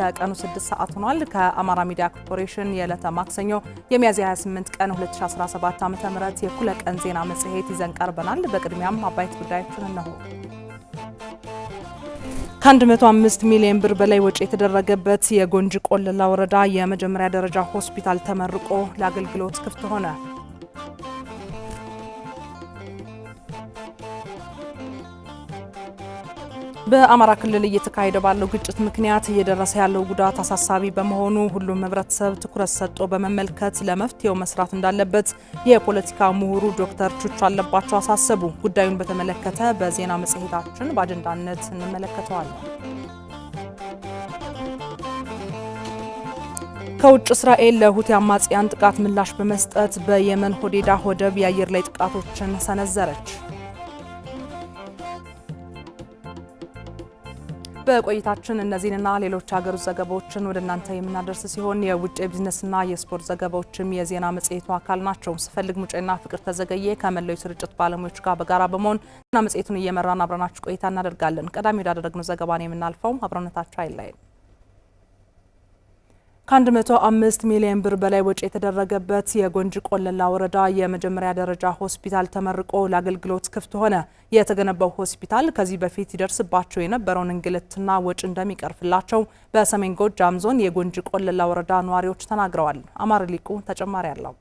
ከቀኑ 6 ሰዓት ሆኗል። ከአማራ ሚዲያ ኮርፖሬሽን የዕለተ ማክሰኞ የሚያዝያ 28 ቀን 2017 ዓ ም የእኩለ ቀን ዜና መጽሔት ይዘን ቀርበናል። በቅድሚያም አባይት ጉዳዮችን እነሆ። ከ105 ሚሊዮን ብር በላይ ወጪ የተደረገበት የጎንጂ ቆለላ ወረዳ የመጀመሪያ ደረጃ ሆስፒታል ተመርቆ ለአገልግሎት ክፍት ሆነ። በአማራ ክልል እየተካሄደ ባለው ግጭት ምክንያት እየደረሰ ያለው ጉዳት አሳሳቢ በመሆኑ ሁሉም ህብረተሰብ ትኩረት ሰጥቶ በመመልከት ለመፍትሄው መስራት እንዳለበት የፖለቲካ ምሁሩ ዶክተር ቹቹ አለባቸው አሳሰቡ። ጉዳዩን በተመለከተ በዜና መጽሔታችን በአጀንዳነት እንመለከተዋለን። ከውጭ እስራኤል ለሁቲ አማጽያን ጥቃት ምላሽ በመስጠት በየመን ሆዴዳ ወደብ የአየር ላይ ጥቃቶችን ሰነዘረች። በቆይታችን እነዚህንና ሌሎች ሀገር ውስጥ ዘገባዎችን ወደ እናንተ የምናደርስ ሲሆን የውጭ ቢዝነስና የስፖርት ዘገባዎችም የዜና መጽሔቱ አካል ናቸው። ስፈልግ ሙጬና ፍቅር ተዘገየ ከመላው ስርጭት ባለሙያዎች ጋር በጋራ በመሆን ዜና መጽሔቱን እየመራን አብረናችሁ ቆይታ እናደርጋለን። ቀዳሚ ወዳደረግነው ዘገባ የምናልፈውም። አብረነታቸው አይለየን። መቶ አምስት ሚሊዮን ብር በላይ ወጪ የተደረገበት የጎንጂ ቆለላ ወረዳ የመጀመሪያ ደረጃ ሆስፒታል ተመርቆ ለአገልግሎት ክፍት ሆነ። የተገነባው ሆስፒታል ከዚህ በፊት ይደርስባቸው የነበረውን እንግልትና ወጪ እንደሚቀርፍላቸው በሰሜን ጎጃም ዞን የጎንጂ ቆለላ ወረዳ ነዋሪዎች ተናግረዋል። አማር ሊቁ ተጨማሪ አለው።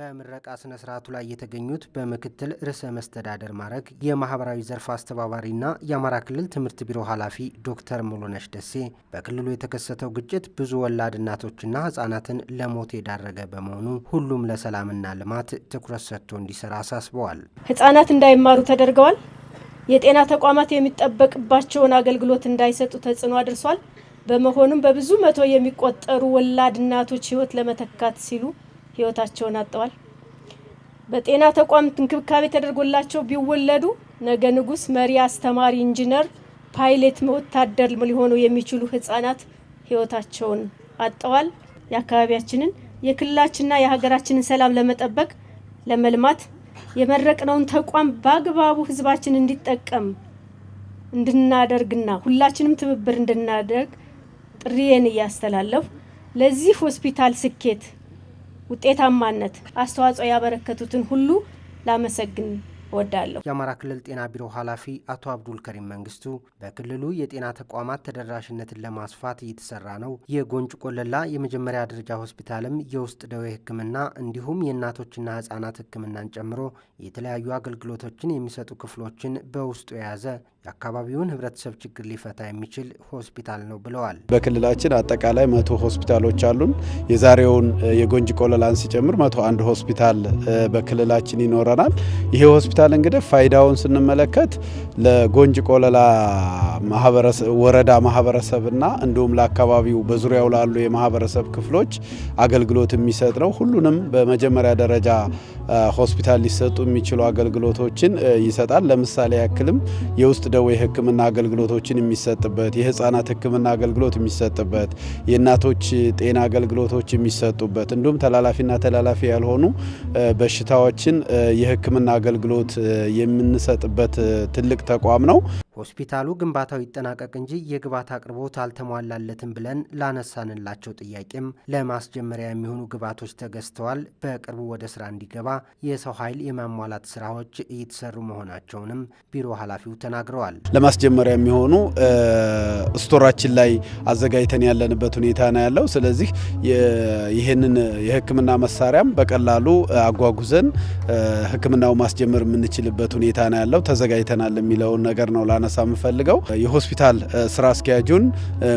በምረቃ ስነ ስርዓቱ ላይ የተገኙት በምክትል ርዕሰ መስተዳደር ማዕረግ የማህበራዊ ዘርፍ አስተባባሪና የአማራ ክልል ትምህርት ቢሮ ኃላፊ ዶክተር ሙሉነሽ ደሴ በክልሉ የተከሰተው ግጭት ብዙ ወላድ እናቶችና ህጻናትን ለሞት የዳረገ በመሆኑ ሁሉም ለሰላምና ልማት ትኩረት ሰጥቶ እንዲሰራ አሳስበዋል። ህጻናት እንዳይማሩ ተደርገዋል። የጤና ተቋማት የሚጠበቅባቸውን አገልግሎት እንዳይሰጡ ተጽዕኖ አድርሷል። በመሆኑም በብዙ መቶ የሚቆጠሩ ወላድ እናቶች ህይወት ለመተካት ሲሉ ህይወታቸውን አጥተዋል። በጤና ተቋም እንክብካቤ ተደርጎላቸው ቢወለዱ ነገ ንጉስ፣ መሪ፣ አስተማሪ፣ ኢንጂነር፣ ፓይለት፣ ወታደር ሊሆኑ የሚችሉ ህጻናት ህይወታቸውን አጥተዋል። የአካባቢያችንን የክልላችንና የሀገራችንን ሰላም ለመጠበቅ ለመልማት የመረቅነውን ተቋም በአግባቡ ህዝባችን እንዲጠቀም እንድናደርግና ሁላችንም ትብብር እንድናደርግ ጥሪዬን እያስተላለፉ ለዚህ ሆስፒታል ስኬት ውጤታማነት አስተዋጽኦ ያበረከቱትን ሁሉ ላመሰግን ወዳለሁ። የአማራ ክልል ጤና ቢሮ ኃላፊ አቶ አብዱል ከሪም መንግስቱ በክልሉ የጤና ተቋማት ተደራሽነትን ለማስፋት እየተሰራ ነው። የጎንጭ ቆለላ የመጀመሪያ ደረጃ ሆስፒታልም የውስጥ ደዌ ሕክምና እንዲሁም የእናቶችና ህጻናት ሕክምናን ጨምሮ የተለያዩ አገልግሎቶችን የሚሰጡ ክፍሎችን በውስጡ የያዘ የአካባቢውን ህብረተሰብ ችግር ሊፈታ የሚችል ሆስፒታል ነው ብለዋል። በክልላችን አጠቃላይ መቶ ሆስፒታሎች አሉን። የዛሬውን የጎንጂ ቆለላን ሲጨምር መቶ አንድ ሆስፒታል በክልላችን ይኖረናል። ይሄ ሆስፒታል እንግዲህ ፋይዳውን ስንመለከት ለጎንጂ ቆለላ ወረዳ ማህበረሰብና እንዲሁም ለአካባቢው በዙሪያው ላሉ የማህበረሰብ ክፍሎች አገልግሎት የሚሰጥ ነው። ሁሉንም በመጀመሪያ ደረጃ ሆስፒታል ሊሰጡ የሚችሉ አገልግሎቶችን ይሰጣል። ለምሳሌ ያክልም የውስጥ ደዌ ሕክምና አገልግሎቶችን የሚሰጥበት፣ የህፃናት ሕክምና አገልግሎት የሚሰጥበት፣ የእናቶች ጤና አገልግሎቶች የሚሰጡበት እንዲሁም ተላላፊና ተላላፊ ያልሆኑ በሽታዎችን የሕክምና አገልግሎት የምንሰጥበት ትልቅ ተቋም ነው። ሆስፒታሉ ግንባታው ይጠናቀቅ እንጂ የግብዓት አቅርቦት አልተሟላለትም ብለን ላነሳንላቸው ጥያቄም ለማስጀመሪያ የሚሆኑ ግብዓቶች ተገዝተዋል። በቅርቡ ወደ ስራ እንዲገባ የሰው ኃይል የማሟላት ስራዎች እየተሰሩ መሆናቸውንም ቢሮ ኃላፊው ተናግረዋል። ለማስጀመሪያ የሚሆኑ ስቶራችን ላይ አዘጋጅተን ያለንበት ሁኔታ ነው ያለው። ስለዚህ ይህንን የህክምና መሳሪያም በቀላሉ አጓጉዘን ህክምናው ማስጀመር የምንችልበት ሁኔታ ነው ያለው። ተዘጋጅተናል የሚለውን ነገር ነው ላነ ላነሳ የምፈልገው የሆስፒታል ስራ አስኪያጁን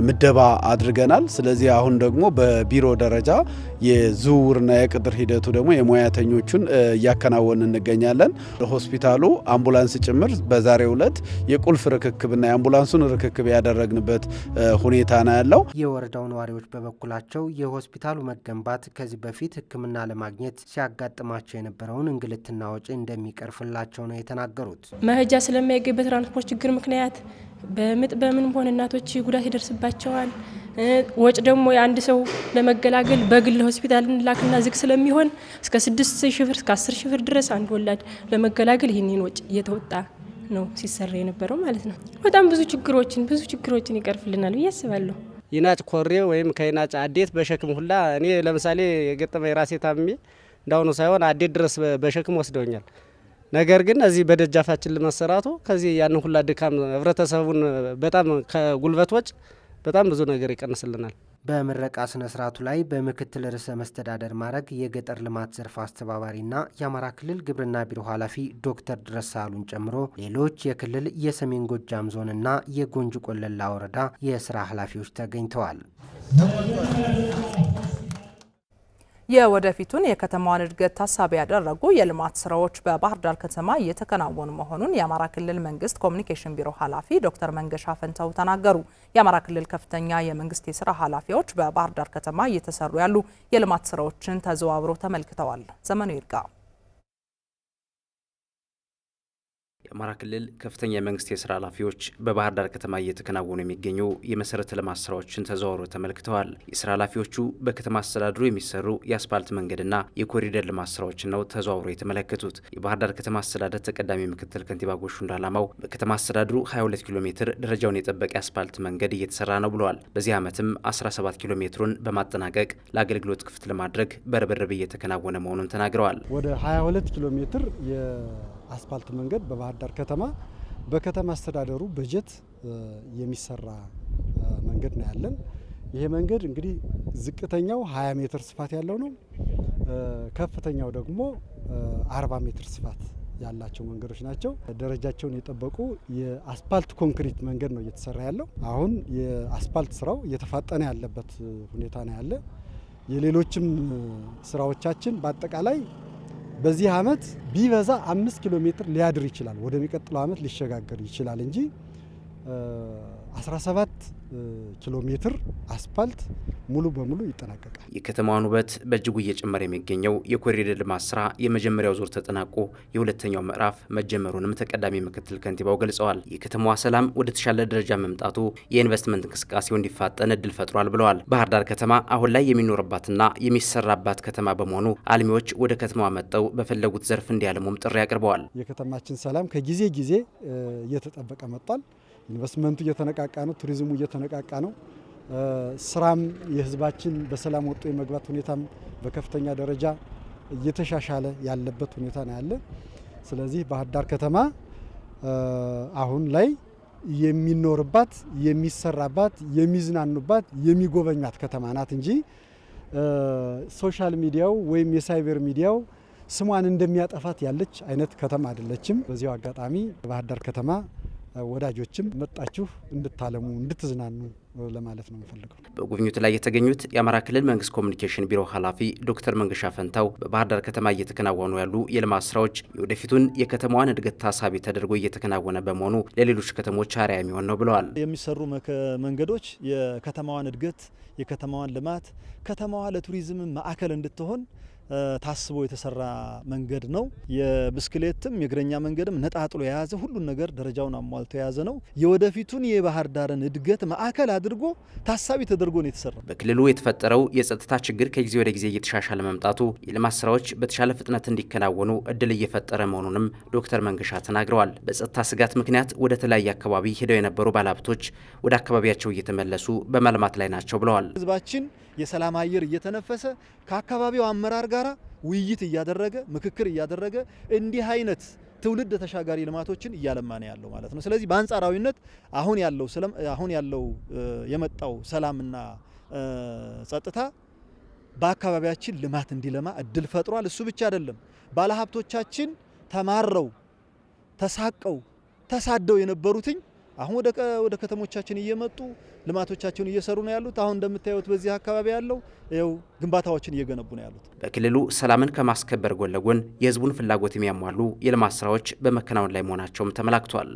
ምደባ አድርገናል። ስለዚህ አሁን ደግሞ በቢሮ ደረጃ የዝውውርና የቅጥር ሂደቱ ደግሞ የሙያተኞቹን እያከናወን እንገኛለን። ለሆስፒታሉ አምቡላንስ ጭምር በዛሬው ዕለት የቁልፍ ርክክብና የአምቡላንሱን ርክክብ ያደረግንበት ሁኔታ ነው ያለው። የወረዳው ነዋሪዎች በበኩላቸው የሆስፒታሉ መገንባት ከዚህ በፊት ሕክምና ለማግኘት ሲያጋጥማቸው የነበረውን እንግልትና ወጪ እንደሚቀርፍላቸው ነው የተናገሩት። መሄጃ ስለማይገኝ በትራንስፖርት ችግር ምክንያት በምጥ በምን ሆነ እናቶች ጉዳት ይደርስባቸዋል። ወጭ ደግሞ የአንድ ሰው ለመገላገል በግል ሆስፒታል እንላክና ዝግ ስለሚሆን እስከ ስድስት ሺህ ብር እስከ አስር ሺህ ብር ድረስ አንድ ወላድ ለመገላገል ይህንን ወጭ እየተወጣ ነው ሲሰራ የነበረው ማለት ነው። በጣም ብዙ ችግሮችን ብዙ ችግሮችን ይቀርፍልናል ብዬ አስባለሁ። ይናጭ ኮሬ ወይም ከይናጭ አዴት በሸክም ሁላ እኔ ለምሳሌ የገጠመ የራሴ ታምሜ እንዳሁኑ ሳይሆን አዴት ድረስ በሸክም ወስደውኛል። ነገር ግን እዚህ በደጃፋችን ለመሰራቱ ከዚህ ያን ሁላ ድካም ህብረተሰቡን በጣም ከጉልበት ወጪ በጣም ብዙ ነገር ይቀንስልናል። በምረቃ ስነ ስርዓቱ ላይ በምክትል ርዕሰ መስተዳደር ማዕረግ የገጠር ልማት ዘርፍ አስተባባሪና የአማራ ክልል ግብርና ቢሮ ኃላፊ ዶክተር ድረሳሉን ጨምሮ ሌሎች የክልል የሰሜን ጎጃም ዞንና የጎንጅ ቆለላ ወረዳ የስራ ኃላፊዎች ተገኝተዋል። የወደፊቱን የከተማዋን እድገት ታሳቢ ያደረጉ የልማት ስራዎች በባህር ዳር ከተማ እየተከናወኑ መሆኑን የአማራ ክልል መንግስት ኮሚኒኬሽን ቢሮ ኃላፊ ዶክተር መንገሻ ፈንተው ተናገሩ። የአማራ ክልል ከፍተኛ የመንግስት የስራ ኃላፊዎች በባህር ዳር ከተማ እየተሰሩ ያሉ የልማት ስራዎችን ተዘዋብሮ ተመልክተዋል። ዘመኑ ይርጋ የአማራ ክልል ከፍተኛ የመንግስት የስራ ኃላፊዎች በባህር ዳር ከተማ እየተከናወኑ የሚገኙ የመሰረተ ልማት ስራዎችን ተዘዋውረው ተመልክተዋል። የስራ ኃላፊዎቹ በከተማ አስተዳድሩ የሚሰሩ የአስፓልት መንገድና የኮሪደር ልማት ስራዎችን ነው ተዘዋውሮ የተመለከቱት። የባህር ዳር ከተማ አስተዳደር ተቀዳሚ ምክትል ከንቲባ ጎሹ እንዳላማው በከተማ አስተዳድሩ 22 ኪሎ ሜትር ደረጃውን የጠበቀ የአስፓልት መንገድ እየተሰራ ነው ብለዋል። በዚህ ዓመትም 17 ኪሎ ሜትሩን በማጠናቀቅ ለአገልግሎት ክፍት ለማድረግ በርብርብ እየተከናወነ መሆኑን ተናግረዋል። ወደ 22 ኪሎ ሜትር አስፓልት መንገድ በባህር ዳር ከተማ በከተማ አስተዳደሩ በጀት የሚሰራ መንገድ ነው ያለን። ይሄ መንገድ እንግዲህ ዝቅተኛው 20 ሜትር ስፋት ያለው ነው። ከፍተኛው ደግሞ 40 ሜትር ስፋት ያላቸው መንገዶች ናቸው። ደረጃቸውን የጠበቁ የአስፓልት ኮንክሪት መንገድ ነው እየተሰራ ያለው። አሁን የአስፓልት ስራው እየተፋጠነ ያለበት ሁኔታ ነው ያለ። የሌሎችም ስራዎቻችን በአጠቃላይ በዚህ አመት ቢበዛ አምስት ኪሎ ሜትር ሊያድር ይችላል። ወደሚቀጥለው አመት ሊሸጋገር ይችላል እንጂ 17 ኪሎ ሜትር አስፓልት ሙሉ በሙሉ ይጠናቀቃል። የከተማዋን ውበት በእጅጉ እየጨመረ የሚገኘው የኮሪደር ልማት ስራ የመጀመሪያው ዙር ተጠናቆ የሁለተኛው ምዕራፍ መጀመሩንም ተቀዳሚ ምክትል ከንቲባው ገልጸዋል። የከተማዋ ሰላም ወደ ተሻለ ደረጃ መምጣቱ የኢንቨስትመንት እንቅስቃሴው እንዲፋጠን እድል ፈጥሯል ብለዋል። ባህር ዳር ከተማ አሁን ላይ የሚኖርባትና የሚሰራባት ከተማ በመሆኑ አልሚዎች ወደ ከተማዋ መጠው በፈለጉት ዘርፍ እንዲያለሙም ጥሪ አቅርበዋል። የከተማችን ሰላም ከጊዜ ጊዜ እየተጠበቀ መጥቷል። ኢንቨስትመንቱ እየተነቃቃ ነው። ቱሪዝሙ እየተነቃቃ ነው። ስራም የህዝባችን በሰላም ወጥቶ የመግባት ሁኔታም በከፍተኛ ደረጃ እየተሻሻለ ያለበት ሁኔታ ነው ያለ። ስለዚህ ባህር ዳር ከተማ አሁን ላይ የሚኖርባት፣ የሚሰራባት፣ የሚዝናኑባት፣ የሚጎበኟት ከተማ ናት እንጂ ሶሻል ሚዲያው ወይም የሳይበር ሚዲያው ስሟን እንደሚያጠፋት ያለች አይነት ከተማ አይደለችም። በዚያው አጋጣሚ ባህር ዳር ከተማ ወዳጆችም መጣችሁ እንድታለሙ እንድትዝናኑ ለማለት ነው የምፈልገው። በጉብኝቱ ላይ የተገኙት የአማራ ክልል መንግስት ኮሚኒኬሽን ቢሮ ኃላፊ ዶክተር መንገሻ ፈንታው በባህር ዳር ከተማ እየተከናወኑ ያሉ የልማት ስራዎች የወደፊቱን የከተማዋን እድገት ታሳቢ ተደርጎ እየተከናወነ በመሆኑ ለሌሎች ከተሞች አርያ የሚሆን ነው ብለዋል። የሚሰሩ መንገዶች የከተማዋን እድገት፣ የከተማዋን ልማት ከተማዋ ለቱሪዝም ማዕከል እንድትሆን ታስቦ የተሰራ መንገድ ነው። የብስክሌትም የእግረኛ መንገድም ነጣጥሎ የያዘ ሁሉን ነገር ደረጃውን አሟልቶ የያዘ ነው። የወደፊቱን የባህር ዳርን እድገት ማዕከል አድርጎ ታሳቢ ተደርጎ ነው የተሰራ። በክልሉ የተፈጠረው የጸጥታ ችግር ከጊዜ ወደ ጊዜ እየተሻሻለ መምጣቱ የልማት ስራዎች በተሻለ ፍጥነት እንዲከናወኑ እድል እየፈጠረ መሆኑንም ዶክተር መንገሻ ተናግረዋል። በጸጥታ ስጋት ምክንያት ወደ ተለያየ አካባቢ ሄደው የነበሩ ባለሀብቶች ወደ አካባቢያቸው እየተመለሱ በማልማት ላይ ናቸው ብለዋል። ህዝባችን የሰላም አየር እየተነፈሰ ከአካባቢው አመራር ጋር ጋራ ውይይት እያደረገ ምክክር እያደረገ እንዲህ አይነት ትውልድ ተሻጋሪ ልማቶችን እያለማ ነው ያለው ማለት ነው። ስለዚህ በአንጻራዊነት አሁን ያለው አሁን ያለው የመጣው ሰላምና ጸጥታ በአካባቢያችን ልማት እንዲለማ እድል ፈጥሯል። እሱ ብቻ አይደለም፣ ባለሀብቶቻችን ተማረው ተሳቀው ተሳደው የነበሩትኝ አሁን ወደ ከተሞቻችን እየመጡ ልማቶቻቸውን እየሰሩ ነው ያሉት። አሁን እንደምታዩት በዚህ አካባቢ ያለው ው ግንባታዎችን እየገነቡ ነው ያሉት። በክልሉ ሰላምን ከማስከበር ጎን ለጎን የህዝቡን ፍላጎት የሚያሟሉ የልማት ስራዎች በመከናወን ላይ መሆናቸውም ተመላክቷል።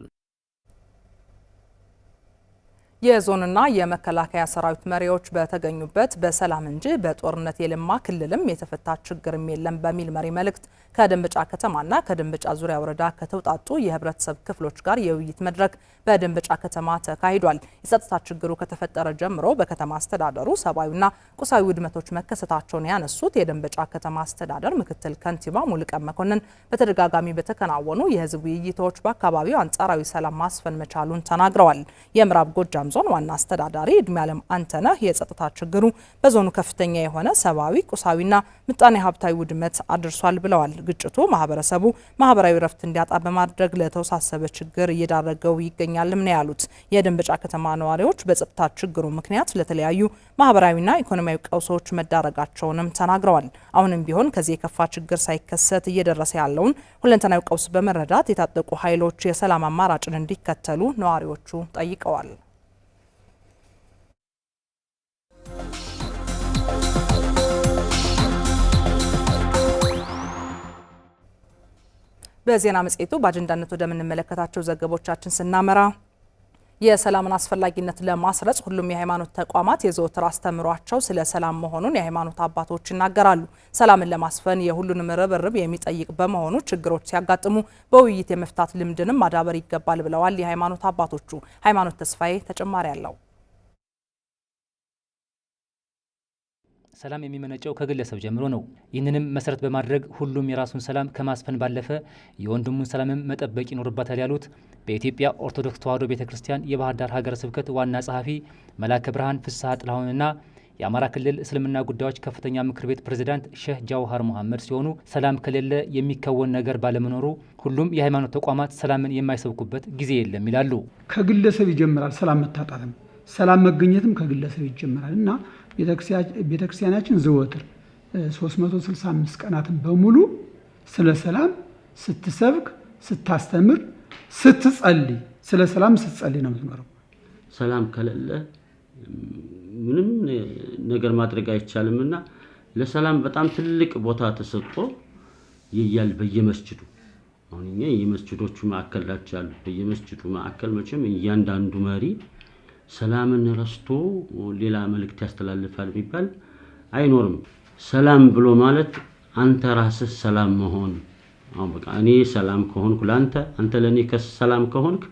የዞንና የመከላከያ ሰራዊት መሪዎች በተገኙበት በሰላም እንጂ በጦርነት የለማ ክልልም የተፈታ ችግርም የለም በሚል መሪ መልእክት ከድንብጫ ከተማና ከድንብጫ ዙሪያ ወረዳ ከተውጣጡ የህብረተሰብ ክፍሎች ጋር የውይይት መድረክ በድንብጫ ከተማ ተካሂዷል። የጸጥታ ችግሩ ከተፈጠረ ጀምሮ በከተማ አስተዳደሩ ሰብአዊና ቁሳዊ ውድመቶች መከሰታቸውን ያነሱት የድንብጫ ከተማ አስተዳደር ምክትል ከንቲባ ሙልቀን መኮንን በተደጋጋሚ በተከናወኑ የህዝብ ውይይቶች በአካባቢው አንጻራዊ ሰላም ማስፈን መቻሉን ተናግረዋል። የምዕራብ ጎጃም ዞን ዋና አስተዳዳሪ እድሜ ዓለም አንተነህ የጸጥታ ችግሩ በዞኑ ከፍተኛ የሆነ ሰብአዊ ቁሳዊና ምጣኔ ሀብታዊ ውድመት አድርሷል ብለዋል። ግጭቱ ማህበረሰቡ ማህበራዊ ረፍት እንዲያጣ በማድረግ ለተወሳሰበ ችግር እየዳረገው ይገኛልም ነው ያሉት። የደንበጫ ከተማ ነዋሪዎች በጸጥታ ችግሩ ምክንያት ለተለያዩ ማህበራዊና ኢኮኖሚያዊ ቀውሶች መዳረጋቸውንም ተናግረዋል። አሁንም ቢሆን ከዚህ የከፋ ችግር ሳይከሰት እየደረሰ ያለውን ሁለንተናዊ ቀውስ በመረዳት የታጠቁ ኃይሎች የሰላም አማራጭን እንዲከተሉ ነዋሪዎቹ ጠይቀዋል። በዜና መጽሔቱ በአጀንዳነት ወደምንመለከታቸው ዘገቦቻችን ስናመራ የሰላምን አስፈላጊነት ለማስረጽ ሁሉም የሃይማኖት ተቋማት የዘወትር አስተምሯቸው ስለ ሰላም መሆኑን የሃይማኖት አባቶች ይናገራሉ። ሰላምን ለማስፈን የሁሉንም ርብርብ የሚጠይቅ በመሆኑ ችግሮች ሲያጋጥሙ በውይይት የመፍታት ልምድንም ማዳበር ይገባል ብለዋል የሃይማኖት አባቶቹ። ሃይማኖት ተስፋዬ ተጨማሪ አለው። ሰላም የሚመነጨው ከግለሰብ ጀምሮ ነው። ይህንንም መሰረት በማድረግ ሁሉም የራሱን ሰላም ከማስፈን ባለፈ የወንድሙን ሰላምም መጠበቅ ይኖርባታል ያሉት በኢትዮጵያ ኦርቶዶክስ ተዋሕዶ ቤተ ክርስቲያን የባህር ዳር ሀገረ ስብከት ዋና ጸሐፊ መላከ ብርሃን ፍስሐ ጥላሁንና የአማራ ክልል እስልምና ጉዳዮች ከፍተኛ ምክር ቤት ፕሬዝዳንት ሼህ ጃውሃር መሐመድ ሲሆኑ ሰላም ከሌለ የሚከወን ነገር ባለመኖሩ ሁሉም የሃይማኖት ተቋማት ሰላምን የማይሰብኩበት ጊዜ የለም ይላሉ። ከግለሰብ ይጀምራል ሰላም መታጣትም፣ ሰላም መገኘትም ከግለሰብ ይጀምራል እና ቤተክርስቲያናችን ዘወትር 365 ቀናትን በሙሉ ስለ ሰላም ስትሰብክ፣ ስታስተምር፣ ስትጸልይ ስለ ሰላም ስትጸልይ ነው የምትኖረው። ሰላም ከሌለ ምንም ነገር ማድረግ አይቻልም እና ለሰላም በጣም ትልቅ ቦታ ተሰጥቶ ይያል በየመስጅዱ አሁን እኛ የመስጅዶቹ ማዕከል ናቸው ያሉት። በየመስጅዱ ማዕከል መቼም እያንዳንዱ መሪ ሰላምን ረስቶ ሌላ መልእክት ያስተላልፋል የሚባል አይኖርም። ሰላም ብሎ ማለት አንተ ራስህ ሰላም መሆን አሁን በቃ እኔ ሰላም ከሆንኩ ለአንተ፣ አንተ ለእኔ ከሰላም ከሆንክ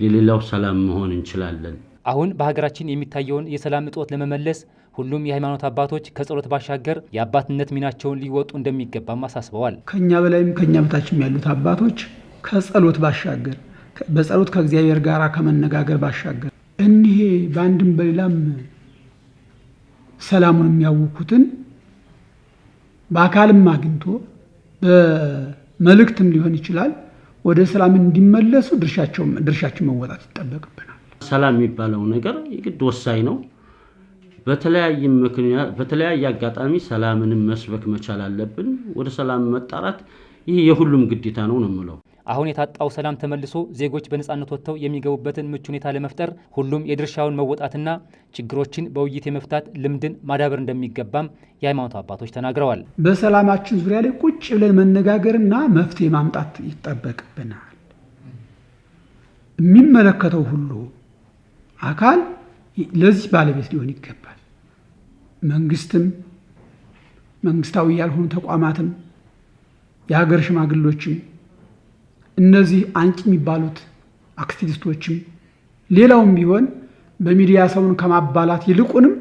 ለሌላው ሰላም መሆን እንችላለን። አሁን በሀገራችን የሚታየውን የሰላም እጦት ለመመለስ ሁሉም የሃይማኖት አባቶች ከጸሎት ባሻገር የአባትነት ሚናቸውን ሊወጡ እንደሚገባም አሳስበዋል። ከኛ በላይም ከኛ በታችም ያሉት አባቶች ከጸሎት ባሻገር በጸሎት ከእግዚአብሔር ጋር ከመነጋገር ባሻገር እኒሄ በአንድም በሌላም ሰላሙን የሚያውኩትን በአካልም አግኝቶ በመልእክትም ሊሆን ይችላል ወደ ሰላም እንዲመለሱ ድርሻችን መወጣት ይጠበቅብናል። ሰላም የሚባለው ነገር የግድ ወሳኝ ነው። በተለያየ አጋጣሚ ሰላምንም መስበክ መቻል አለብን። ወደ ሰላም መጣራት ይህ የሁሉም ግዴታ ነው ነው የምለው። አሁን የታጣው ሰላም ተመልሶ ዜጎች በነጻነት ወጥተው የሚገቡበትን ምቹ ሁኔታ ለመፍጠር ሁሉም የድርሻውን መወጣትና ችግሮችን በውይይት የመፍታት ልምድን ማዳበር እንደሚገባም የሃይማኖት አባቶች ተናግረዋል። በሰላማችን ዙሪያ ላይ ቁጭ ብለን መነጋገርና መፍትሄ ማምጣት ይጠበቅብናል። የሚመለከተው ሁሉ አካል ለዚህ ባለቤት ሊሆን ይገባል። መንግስትም፣ መንግስታዊ ያልሆኑ ተቋማትም፣ የሀገር ሽማግሎችም እነዚህ አንቂ የሚባሉት አክቲቪስቶችም ሌላውም ቢሆን በሚዲያ ሰውን ከማባላት ይልቁንም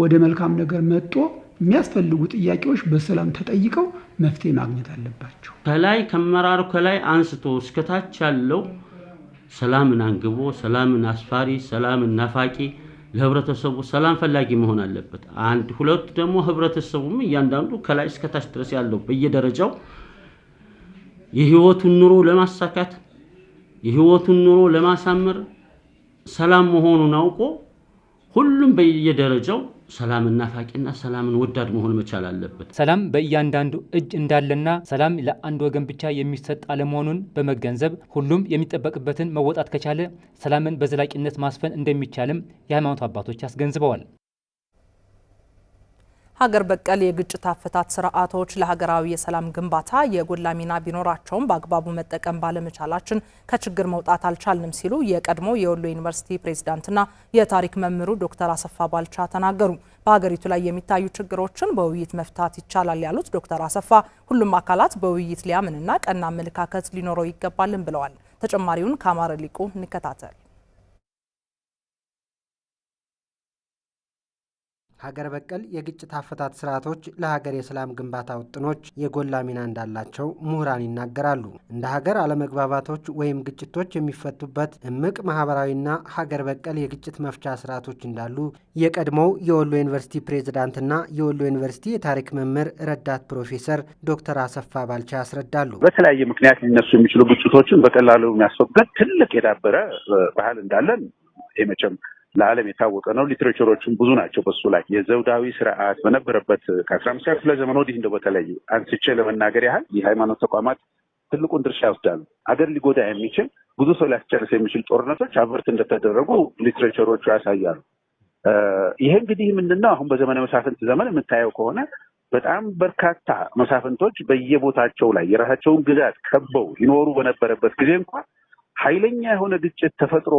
ወደ መልካም ነገር መጦ የሚያስፈልጉ ጥያቄዎች በሰላም ተጠይቀው መፍትሄ ማግኘት አለባቸው። ከላይ ከመራሩ ከላይ አንስቶ እስከታች ያለው ሰላምን አንግቦ፣ ሰላምን አስፋሪ፣ ሰላምን ናፋቂ፣ ለህብረተሰቡ ሰላም ፈላጊ መሆን አለበት። አንድ ሁለቱ ደግሞ ህብረተሰቡም እያንዳንዱ ከላይ እስከታች ድረስ ያለው በየደረጃው የህይወቱን ኑሮ ለማሳካት የህይወቱን ኑሮ ለማሳመር ሰላም መሆኑን አውቆ ሁሉም በየደረጃው ሰላም ናፋቂና ሰላምን ወዳድ መሆን መቻል አለበት። ሰላም በእያንዳንዱ እጅ እንዳለና ሰላም ለአንድ ወገን ብቻ የሚሰጥ አለመሆኑን በመገንዘብ ሁሉም የሚጠበቅበትን መወጣት ከቻለ ሰላምን በዘላቂነት ማስፈን እንደሚቻልም የሃይማኖት አባቶች አስገንዝበዋል። ሀገር በቀል የግጭት አፈታት ስርዓቶች ለሀገራዊ የሰላም ግንባታ የጎላ ሚና ቢኖራቸውም በአግባቡ መጠቀም ባለመቻላችን ከችግር መውጣት አልቻልንም ሲሉ የቀድሞ የወሎ ዩኒቨርሲቲ ፕሬዚዳንትና የታሪክ መምህሩ ዶክተር አሰፋ ባልቻ ተናገሩ። በሀገሪቱ ላይ የሚታዩ ችግሮችን በውይይት መፍታት ይቻላል ያሉት ዶክተር አሰፋ ሁሉም አካላት በውይይት ሊያምንና ቀና አመለካከት ሊኖረው ይገባልን ብለዋል። ተጨማሪውን ከአማረ ሊቁ እንከታተል። ሀገር በቀል የግጭት አፈታት ስርዓቶች ለሀገር የሰላም ግንባታ ውጥኖች የጎላ ሚና እንዳላቸው ምሁራን ይናገራሉ። እንደ ሀገር አለመግባባቶች ወይም ግጭቶች የሚፈቱበት እምቅ ማህበራዊና ሀገር በቀል የግጭት መፍቻ ስርዓቶች እንዳሉ የቀድሞው የወሎ ዩኒቨርሲቲ ፕሬዝዳንትና የወሎ ዩኒቨርሲቲ የታሪክ መምህር ረዳት ፕሮፌሰር ዶክተር አሰፋ ባልቻ ያስረዳሉ። በተለያየ ምክንያት ሊነሱ የሚችሉ ግጭቶችን በቀላሉ የሚያስወግድ ትልቅ የዳበረ ባህል እንዳለን ይህ መቼም ለዓለም የታወቀ ነው። ሊትሬቸሮችም ብዙ ናቸው። በሱ ላይ የዘውዳዊ ስርዓት በነበረበት ከአስራ አምስተኛ ክፍለ ዘመን ወዲህ እንደው በተለይ አንስቼ ለመናገር ያህል የሃይማኖት ተቋማት ትልቁን ድርሻ ይወስዳሉ። አገር ሊጎዳ የሚችል ብዙ ሰው ሊያስጨርስ የሚችል ጦርነቶች አቨርት እንደተደረጉ ሊትሬቸሮቹ ያሳያሉ። ይሄ እንግዲህ ምንድነው አሁን በዘመነ መሳፍንት ዘመን የምታየው ከሆነ በጣም በርካታ መሳፍንቶች በየቦታቸው ላይ የራሳቸውን ግዛት ከበው ይኖሩ በነበረበት ጊዜ እንኳን ኃይለኛ የሆነ ግጭት ተፈጥሮ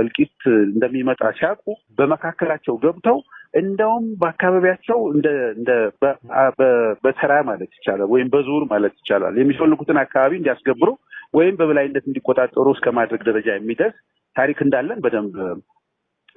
እልቂት እንደሚመጣ ሲያውቁ በመካከላቸው ገብተው እንደውም በአካባቢያቸው እንደ በተራ ማለት ይቻላል ወይም በዙር ማለት ይቻላል የሚፈልጉትን አካባቢ እንዲያስገብሩ ወይም በበላይነት እንዲቆጣጠሩ እስከ ማድረግ ደረጃ የሚደርስ ታሪክ እንዳለን በደንብ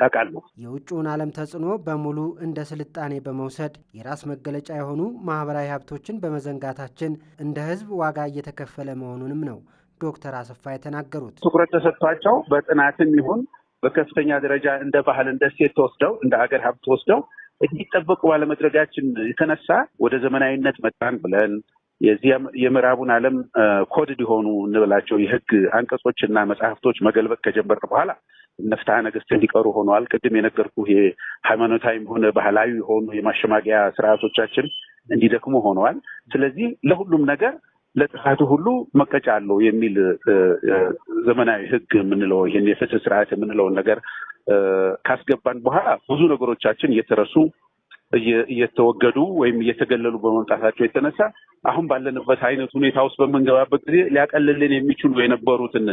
አውቃለሁ። የውጭውን ዓለም ተጽዕኖ በሙሉ እንደ ስልጣኔ በመውሰድ የራስ መገለጫ የሆኑ ማህበራዊ ሀብቶችን በመዘንጋታችን እንደ ህዝብ ዋጋ እየተከፈለ መሆኑንም ነው ዶክተር አሰፋ የተናገሩት ትኩረት ተሰጥቷቸው በጥናትም ይሁን በከፍተኛ ደረጃ እንደ ባህል እንደ ሴት ተወስደው እንደ ሀገር ሀብት ተወስደው እንዲጠበቁ ባለመድረጋችን የተነሳ ወደ ዘመናዊነት መጣን ብለን የዚህ የምዕራቡን ዓለም ኮድድ የሆኑ እንበላቸው የህግ አንቀጾችና መጽሐፍቶች መገልበጥ ከጀመር በኋላ ነፍታ ነገስት እንዲቀሩ ሆኗል። ቅድም የነገርኩ ሃይማኖታዊም ሆነ ባህላዊ የሆኑ የማሸማቂያ ስርዓቶቻችን እንዲደክሙ ሆነዋል። ስለዚህ ለሁሉም ነገር ለጥፋቱ ሁሉ መቀጫ አለው የሚል ዘመናዊ ህግ የምንለው ይህን የፍትህ ስርዓት የምንለውን ነገር ካስገባን በኋላ ብዙ ነገሮቻችን እየተረሱ እየተወገዱ ወይም እየተገለሉ በመምጣታቸው የተነሳ አሁን ባለንበት አይነት ሁኔታ ውስጥ በምንገባበት ጊዜ ሊያቀልልን የሚችሉ የነበሩትን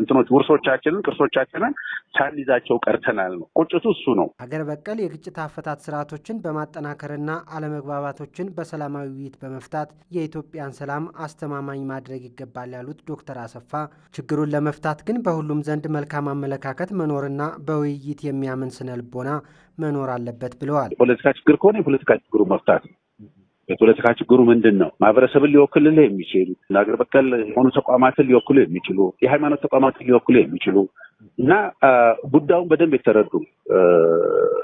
እንትኖች ውርሶቻችንን፣ ቅርሶቻችንን ሳንይዛቸው ቀርተናል ነው ቁጭቱ። እሱ ነው ሀገር በቀል የግጭት አፈታት ስርዓቶችን በማጠናከርና አለመግባባቶችን በሰላማዊ ውይይት በመፍታት የኢትዮጵያን ሰላም አስተማማኝ ማድረግ ይገባል ያሉት ዶክተር አሰፋ ችግሩን ለመፍታት ግን በሁሉም ዘንድ መልካም አመለካከት መኖርና በውይይት የሚያምን ስነ ልቦና መኖር አለበት ብለዋል። የፖለቲካ ችግር ከሆነ የፖለቲካ ችግሩ መፍታት ነው። የፖለቲካ ችግሩ ምንድን ነው? ማህበረሰብን ሊወክልልህ የሚችል ሀገር በቀል የሆኑ ተቋማትን ሊወክሉ የሚችሉ የሃይማኖት ተቋማትን ሊወክሉ የሚችሉ እና ጉዳዩን በደንብ የተረዱ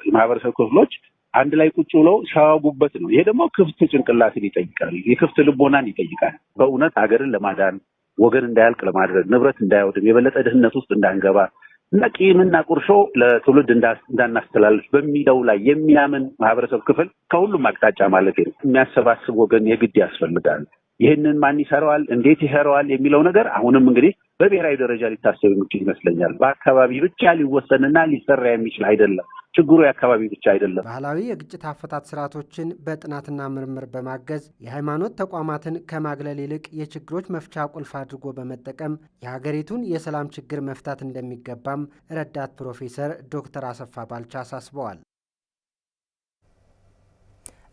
የማህበረሰብ ክፍሎች አንድ ላይ ቁጭ ብለው ሲያዋጉበት ነው። ይሄ ደግሞ ክፍት ጭንቅላትን ይጠይቃል፣ የክፍት ልቦናን ይጠይቃል። በእውነት ሀገርን ለማዳን ወገን እንዳያልቅ ለማድረግ ንብረት እንዳይወድም የበለጠ ድህነት ውስጥ እንዳንገባ እና ቂምና ቁርሾ ለትውልድ እንዳናስተላልፍ በሚለው ላይ የሚያምን ማህበረሰብ ክፍል ከሁሉም አቅጣጫ ማለት ነው የሚያሰባስብ ወገን የግድ ያስፈልጋል። ይህንን ማን ይሰራዋል፣ እንዴት ይሰራዋል የሚለው ነገር አሁንም እንግዲህ በብሔራዊ ደረጃ ሊታሰብ የሚችል ይመስለኛል። በአካባቢ ብቻ ሊወሰንና ሊሰራ የሚችል አይደለም። ችግሩ የአካባቢ ብቻ አይደለም። ባህላዊ የግጭት አፈታት ስርዓቶችን በጥናትና ምርምር በማገዝ የሃይማኖት ተቋማትን ከማግለል ይልቅ የችግሮች መፍቻ ቁልፍ አድርጎ በመጠቀም የሀገሪቱን የሰላም ችግር መፍታት እንደሚገባም ረዳት ፕሮፌሰር ዶክተር አሰፋ ባልቻ አሳስበዋል።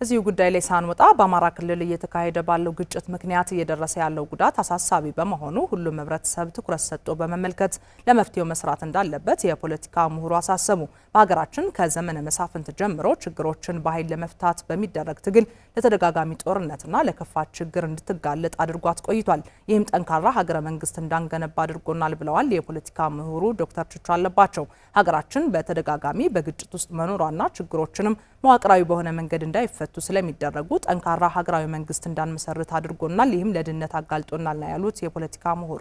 እዚሁ ጉዳይ ላይ ሳንወጣ በአማራ ክልል እየተካሄደ ባለው ግጭት ምክንያት እየደረሰ ያለው ጉዳት አሳሳቢ በመሆኑ ሁሉም ህብረተሰብ ትኩረት ሰጥቶ በመመልከት ለመፍትሄው መስራት እንዳለበት የፖለቲካ ምሁሩ አሳሰቡ። በሀገራችን ከዘመነ መሳፍንት ጀምሮ ችግሮችን በኃይል ለመፍታት በሚደረግ ትግል ለተደጋጋሚ ጦርነትና ለከፋ ችግር እንድትጋለጥ አድርጓት ቆይቷል። ይህም ጠንካራ ሀገረ መንግስት እንዳንገነባ አድርጎናል ብለዋል የፖለቲካ ምሁሩ ዶክተር ችቹ አለባቸው። ሀገራችን በተደጋጋሚ በግጭት ውስጥ መኖሯና ችግሮችንም መዋቅራዊ በሆነ መንገድ እንዳይፈቱ ስለሚደረጉ ጠንካራ ሀገራዊ መንግስት እንዳንመሰርት አድርጎናል። ይህም ለድህነት አጋልጦናል ነው ያሉት የፖለቲካ ምሁሩ።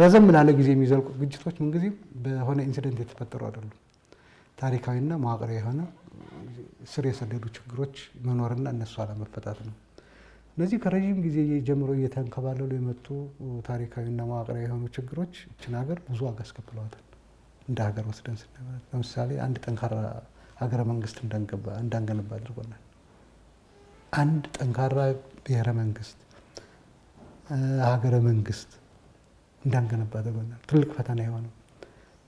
ረዘም ላለ ጊዜ የሚዘልቁ ግጭቶች ምንጊዜም በሆነ ኢንሲደንት የተፈጠሩ አይደሉም። ታሪካዊና መዋቅራዊ የሆነ ስር የሰደዱ ችግሮች መኖርና እነሱ አለመፈታት ነው። እነዚህ ከረዥም ጊዜ ጀምሮ እየተንከባለሉ የመጡ ታሪካዊና መዋቅራዊ የሆኑ ችግሮች እችን ሀገር ብዙ ዋጋ አስከፍለዋታል። እንደ ሀገር ወስደን ስንመለከት ለምሳሌ አንድ ጠንካራ ሀገረ መንግስት እንዳንገነባ አድርጎናል። አንድ ጠንካራ ብሔረ መንግስት ሀገረ መንግስት እንዳንገነባ አድርጎናል። ትልቅ ፈተና የሆነው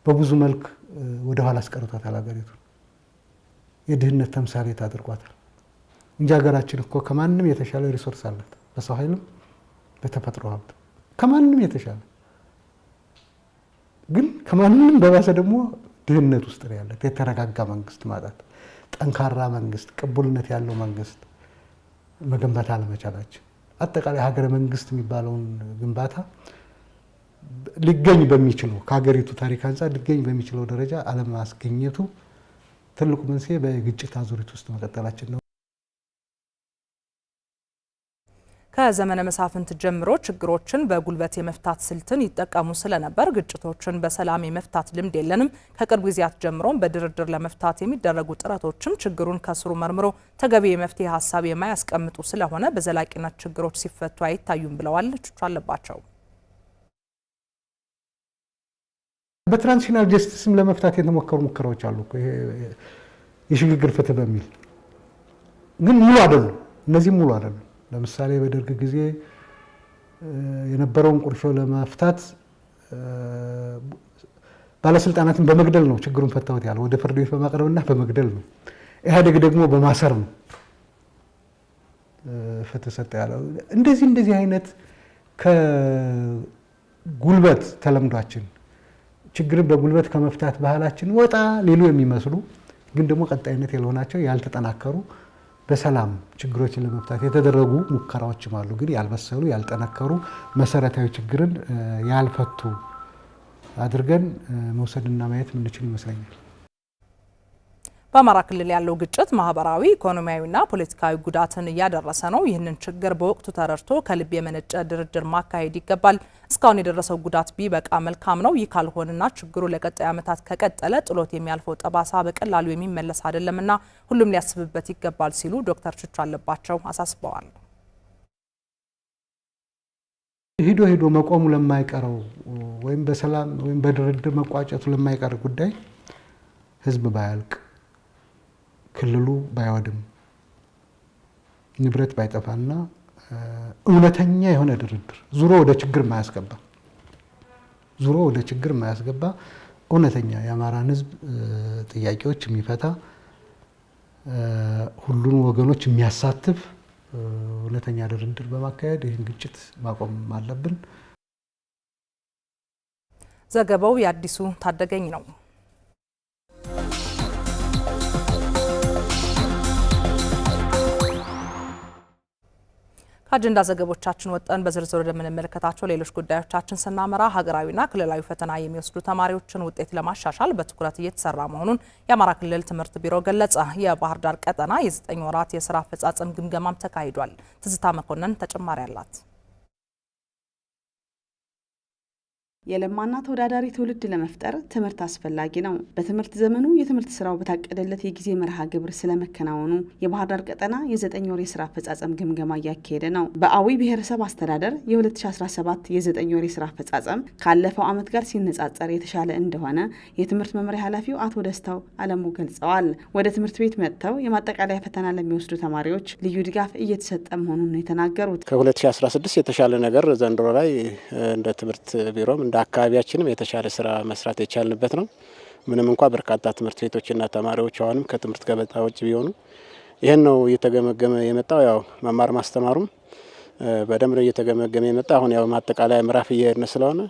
በብዙ መልክ ወደኋላ አስቀርቷታል። ሀገሪቱን የድህነት ተምሳሌት አድርጓታል እንጂ ሀገራችን እኮ ከማንም የተሻለ ሪሶርስ አላት፣ በሰው ኃይልም በተፈጥሮ ሀብት ከማንም የተሻለ ግን ከማንም በባሰ ደግሞ ድህነት ውስጥ ነው ያለ። የተረጋጋ መንግስት ማጣት፣ ጠንካራ መንግስት፣ ቅቡልነት ያለው መንግስት መገንባት አለመቻላችን አጠቃላይ ሀገረ መንግስት የሚባለውን ግንባታ ሊገኝ በሚችለው ከሀገሪቱ ታሪክ አንጻር ሊገኝ በሚችለው ደረጃ አለማስገኘቱ ትልቁ መንስኤ በግጭት አዙሪት ውስጥ መቀጠላችን ነው። ከዘመነ መሳፍንት ጀምሮ ችግሮችን በጉልበት የመፍታት ስልትን ይጠቀሙ ስለነበር ግጭቶችን በሰላም የመፍታት ልምድ የለንም። ከቅርብ ጊዜያት ጀምሮም በድርድር ለመፍታት የሚደረጉ ጥረቶችም ችግሩን ከስሩ መርምሮ ተገቢ የመፍትሄ ሀሳብ የማያስቀምጡ ስለሆነ በዘላቂነት ችግሮች ሲፈቱ አይታዩም ብለዋል። ቹቹ አለባቸው በትራንዚሽናል ጀስቲስም ለመፍታት የተሞከሩ ሙከራዎች አሉ። የሽግግር ፍትህ በሚል ግን ሙሉ አይደሉም። እነዚህም ሙሉ አይደሉም። ለምሳሌ በደርግ ጊዜ የነበረውን ቁርሾ ለመፍታት ባለስልጣናትን በመግደል ነው ችግሩን ፈታሁት ያለ ወደ ፍርድ ቤት በማቅረብና በመግደል ነው። ኢህአዴግ ደግሞ በማሰር ነው ፍትህ ሰጠ ያለው። እንደዚህ እንደዚህ አይነት ከጉልበት ተለምዷችን ችግርን በጉልበት ከመፍታት ባህላችን ወጣ ሌሉ የሚመስሉ ግን ደግሞ ቀጣይነት የለሆናቸው ያልተጠናከሩ በሰላም ችግሮችን ለመፍታት የተደረጉ ሙከራዎችም አሉ። ግን ያልበሰሉ ያልጠነከሩ መሰረታዊ ችግርን ያልፈቱ አድርገን መውሰድና ማየት የምንችል ይመስለኛል። በአማራ ክልል ያለው ግጭት ማህበራዊ፣ ኢኮኖሚያዊና ፖለቲካዊ ጉዳትን እያደረሰ ነው። ይህንን ችግር በወቅቱ ተረድቶ ከልብ የመነጨ ድርድር ማካሄድ ይገባል። እስካሁን የደረሰው ጉዳት ቢበቃ መልካም ነው። ይህ ካልሆነና ችግሩ ለቀጣይ ዓመታት ከቀጠለ ጥሎት የሚያልፈው ጠባሳ በቀላሉ የሚመለስ አይደለምና ሁሉም ሊያስብበት ይገባል ሲሉ ዶክተር ቹቹ አለባቸው አሳስበዋል። ሂዶ ሂዶ መቆሙ ለማይቀረው ወይም በሰላም ወይም በድርድር መቋጨቱ ለማይቀር ጉዳይ ህዝብ ባያልቅ ክልሉ ባይወድም ንብረት ባይጠፋና እውነተኛ የሆነ ድርድር ዙሮ ወደ ችግር ማያስገባ ዙሮ ወደ ችግር ማያስገባ እውነተኛ የአማራን ሕዝብ ጥያቄዎች የሚፈታ ሁሉን ወገኖች የሚያሳትፍ እውነተኛ ድርድር በማካሄድ ይህን ግጭት ማቆም አለብን። ዘገባው የአዲሱ ታደገኝ ነው። ከአጀንዳ ዘገቦቻችን ወጠን በዝርዝር ወደምንመለከታቸው ሌሎች ጉዳዮቻችን ስናመራ ሀገራዊና ክልላዊ ፈተና የሚወስዱ ተማሪዎችን ውጤት ለማሻሻል በትኩረት እየተሰራ መሆኑን የአማራ ክልል ትምህርት ቢሮ ገለጸ። የባህር ዳር ቀጠና የዘጠኝ ወራት የስራ አፈጻጸም ግምገማም ተካሂዷል። ትዝታ መኮንን ተጨማሪ አላት። የለማና ተወዳዳሪ ትውልድ ለመፍጠር ትምህርት አስፈላጊ ነው። በትምህርት ዘመኑ የትምህርት ስራው በታቀደለት የጊዜ መርሃ ግብር ስለመከናወኑ የባህር ዳር ቀጠና የዘጠኝ ወር የስራ አፈጻጸም ግምገማ እያካሄደ ነው። በአዊ ብሔረሰብ አስተዳደር የ2017 የዘጠኝ ወር የስራ አፈጻጸም ካለፈው ዓመት ጋር ሲነጻጸር የተሻለ እንደሆነ የትምህርት መምሪያ ኃላፊው አቶ ደስታው አለሙ ገልጸዋል። ወደ ትምህርት ቤት መጥተው የማጠቃለያ ፈተና ለሚወስዱ ተማሪዎች ልዩ ድጋፍ እየተሰጠ መሆኑን ነው የተናገሩት። ከ2016 የተሻለ ነገር ዘንድሮ ላይ እንደ ትምህርት ቢሮም እንደ አካባቢያችንም የተሻለ ስራ መስራት የቻልንበት ነው። ምንም እንኳ በርካታ ትምህርት ቤቶችና ተማሪዎች አሁንም ከትምህርት ገበታ ውጭ ቢሆኑ ይህን ነው እየተገመገመ የመጣው። ያው መማር ማስተማሩም በደንብ ነው እየተገመገመ የመጣ አሁን ያው ማጠቃለያ ምዕራፍ እየሄድን ስለሆነ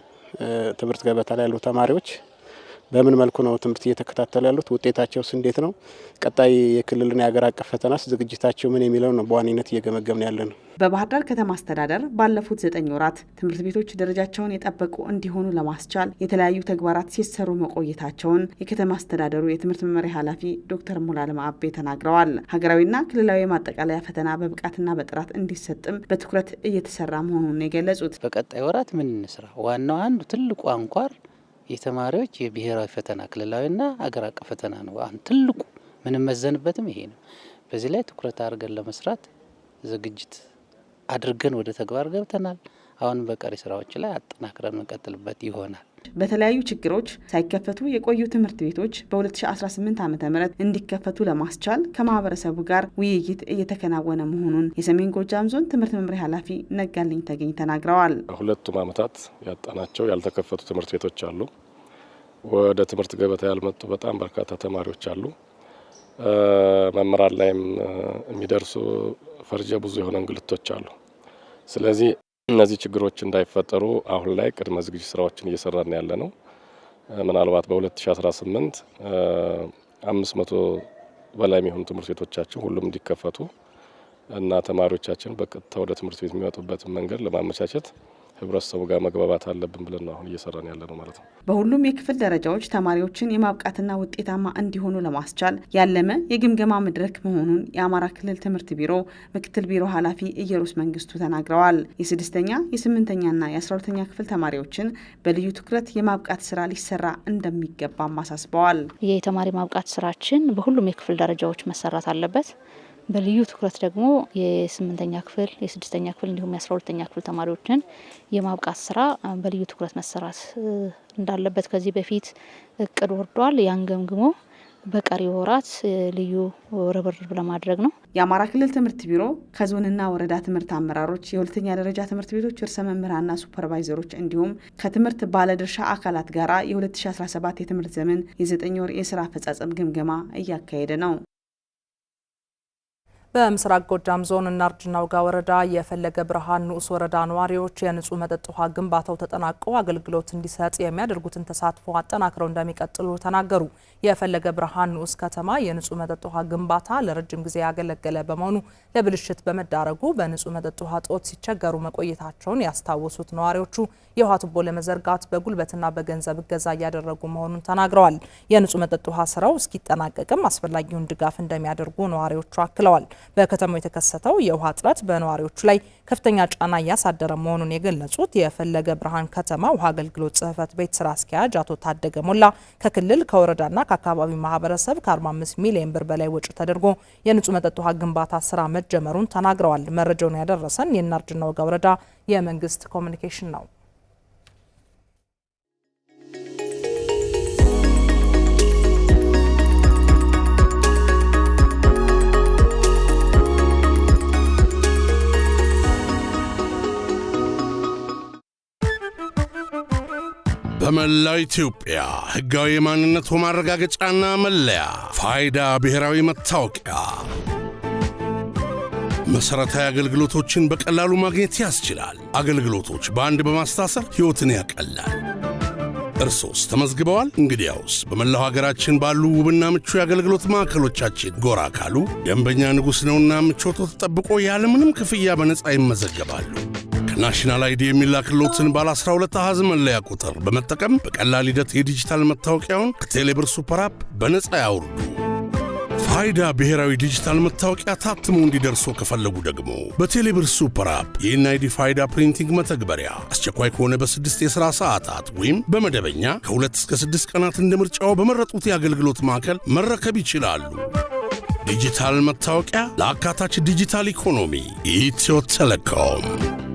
ትምህርት ገበታ ላይ ያሉ ተማሪዎች በምን መልኩ ነው ትምህርት እየተከታተሉ ያሉት? ውጤታቸውስ እንዴት ነው? ቀጣይ የክልልና የሀገር አቀፍ ፈተናስ ዝግጅታቸው ምን የሚለው ነው በዋነኝነት እየገመገምን ያለ ነው። በባህር ዳር ከተማ አስተዳደር ባለፉት ዘጠኝ ወራት ትምህርት ቤቶች ደረጃቸውን የጠበቁ እንዲሆኑ ለማስቻል የተለያዩ ተግባራት ሲሰሩ መቆየታቸውን የከተማ አስተዳደሩ የትምህርት መመሪያ ኃላፊ ዶክተር ሙላለም አቤ ተናግረዋል። ሀገራዊና ክልላዊ ማጠቃለያ ፈተና በብቃትና በጥራት እንዲሰጥም በትኩረት እየተሰራ መሆኑን የገለጹት በቀጣይ ወራት ምን እንስራ ዋናው አንዱ ትልቁ አንኳር የተማሪዎች የብሔራዊ ፈተና ክልላዊና አገር አቀፍ ፈተና ነው። አሁን ትልቁ ምንመዘንበትም ይሄ ነው። በዚህ ላይ ትኩረት አድርገን ለመስራት ዝግጅት አድርገን ወደ ተግባር ገብተናል። አሁንም በቀሪ ስራዎች ላይ አጠናክረን መቀጥልበት ይሆናል። በተለያዩ ችግሮች ሳይከፈቱ የቆዩ ትምህርት ቤቶች በ2018 ዓ ም እንዲከፈቱ ለማስቻል ከማህበረሰቡ ጋር ውይይት እየተከናወነ መሆኑን የሰሜን ጎጃም ዞን ትምህርት መምሪያ ኃላፊ ነጋልኝ ተገኝ ተናግረዋል። ሁለቱም ዓመታት ያጣናቸው ያልተከፈቱ ትምህርት ቤቶች አሉ። ወደ ትምህርት ገበታ ያልመጡ በጣም በርካታ ተማሪዎች አሉ። መምህራን ላይም የሚደርሱ ፈርጀ ብዙ የሆነ እንግልቶች አሉ። ስለዚህ እነዚህ ችግሮች እንዳይፈጠሩ አሁን ላይ ቅድመ ዝግጅት ስራዎችን እየሰራን ያለ ነው። ምናልባት በ2018 500 በላይ የሚሆኑ ትምህርት ቤቶቻችን ሁሉም እንዲከፈቱ እና ተማሪዎቻችን በቀጥታ ወደ ትምህርት ቤት የሚመጡበትን መንገድ ለማመቻቸት ህብረተሰቡ ጋር መግባባት አለብን ብለን አሁን እየሰራን ያለ ነው ማለት ነው። በሁሉም የክፍል ደረጃዎች ተማሪዎችን የማብቃትና ውጤታማ እንዲሆኑ ለማስቻል ያለመ የግምገማ መድረክ መሆኑን የአማራ ክልል ትምህርት ቢሮ ምክትል ቢሮ ኃላፊ እየሩስ መንግስቱ ተናግረዋል። የስድስተኛ የስምንተኛና የአስራ ሁለተኛ ክፍል ተማሪዎችን በልዩ ትኩረት የማብቃት ስራ ሊሰራ እንደሚገባም አሳስበዋል። የተማሪ ማብቃት ስራችን በሁሉም የክፍል ደረጃዎች መሰራት አለበት። በልዩ ትኩረት ደግሞ የስምንተኛ ክፍል የስድስተኛ ክፍል እንዲሁም የአስራ ሁለተኛ ክፍል ተማሪዎችን የማብቃት ስራ በልዩ ትኩረት መሰራት እንዳለበት ከዚህ በፊት እቅድ ወርዷል። ያን ገምግሞ በቀሪ ወራት ልዩ ርብርብ ለማድረግ ነው። የአማራ ክልል ትምህርት ቢሮ ከዞንና ወረዳ ትምህርት አመራሮች፣ የሁለተኛ ደረጃ ትምህርት ቤቶች እርሰ መምህራንና ሱፐርቫይዘሮች እንዲሁም ከትምህርት ባለድርሻ አካላት ጋራ የ2017 የትምህርት ዘመን የዘጠኝ ወር የስራ አፈጻጸም ግምገማ እያካሄደ ነው። በምስራቅ ጎጃም ዞን እናርጅና ውጋ ወረዳ የፈለገ ብርሃን ንዑስ ወረዳ ነዋሪዎች የንጹህ መጠጥ ውሃ ግንባታው ተጠናቀው አገልግሎት እንዲሰጥ የሚያደርጉትን ተሳትፎ አጠናክረው እንደሚቀጥሉ ተናገሩ። የፈለገ ብርሃን ንዑስ ከተማ የንጹህ መጠጥ ውሃ ግንባታ ለረጅም ጊዜ ያገለገለ በመሆኑ ለብልሽት በመዳረጉ በንጹህ መጠጥ ውሃ ጦት ሲቸገሩ መቆየታቸውን ያስታወሱት ነዋሪዎቹ የውሃ ቱቦ ለመዘርጋት በጉልበትና በገንዘብ እገዛ እያደረጉ መሆኑን ተናግረዋል። የንጹህ መጠጥ ውሃ ስራው እስኪጠናቀቅም አስፈላጊውን ድጋፍ እንደሚያደርጉ ነዋሪዎቹ አክለዋል። በከተማው የተከሰተው የውሃ እጥረት በነዋሪዎቹ ላይ ከፍተኛ ጫና እያሳደረ መሆኑን የገለጹት የፈለገ ብርሃን ከተማ ውሃ አገልግሎት ጽህፈት ቤት ስራ አስኪያጅ አቶ ታደገ ሞላ ከክልል ከወረዳና ከአካባቢው ማህበረሰብ ከ45 ሚሊዮን ብር በላይ ወጪ ተደርጎ የንጹህ መጠጥ ውሃ ግንባታ ስራ መጀመሩን ተናግረዋል። መረጃውን ያደረሰን የእናርጅና ወጋ ወረዳ የመንግስት ኮሚኒኬሽን ነው። በመላው ኢትዮጵያ ሕጋዊ የማንነቱ ማረጋገጫና መለያ ፋይዳ ብሔራዊ መታወቂያ መሠረታዊ አገልግሎቶችን በቀላሉ ማግኘት ያስችላል። አገልግሎቶች በአንድ በማስታሰር ሕይወትን ያቀላል። እርሶስ ተመዝግበዋል? እንግዲያውስ በመላው ሀገራችን ባሉ ውብና ምቹ የአገልግሎት ማዕከሎቻችን ጎራ ካሉ ደንበኛ ንጉሥ ነውና ምቾቶ ተጠብቆ ያለምንም ክፍያ በነፃ ይመዘገባሉ። ከናሽናል አይዲ የሚላክሎትን ባለ 12 አሃዝ መለያ ቁጥር በመጠቀም በቀላል ሂደት የዲጂታል መታወቂያውን ከቴሌብር ሱፐር አፕ በነፃ ያውርዱ። ፋይዳ ብሔራዊ ዲጂታል መታወቂያ ታትሞ እንዲደርሶ ከፈለጉ ደግሞ በቴሌብር ሱፐር አፕ ይህን አይዲ ፋይዳ ፕሪንቲንግ መተግበሪያ አስቸኳይ ከሆነ በስድስት የሥራ ሰዓታት ወይም በመደበኛ ከሁለት እስከ ስድስት ቀናት እንደ ምርጫው በመረጡት የአገልግሎት ማዕከል መረከብ ይችላሉ። ዲጂታል መታወቂያ ለአካታች ዲጂታል ኢኮኖሚ ኢትዮ ቴሌኮም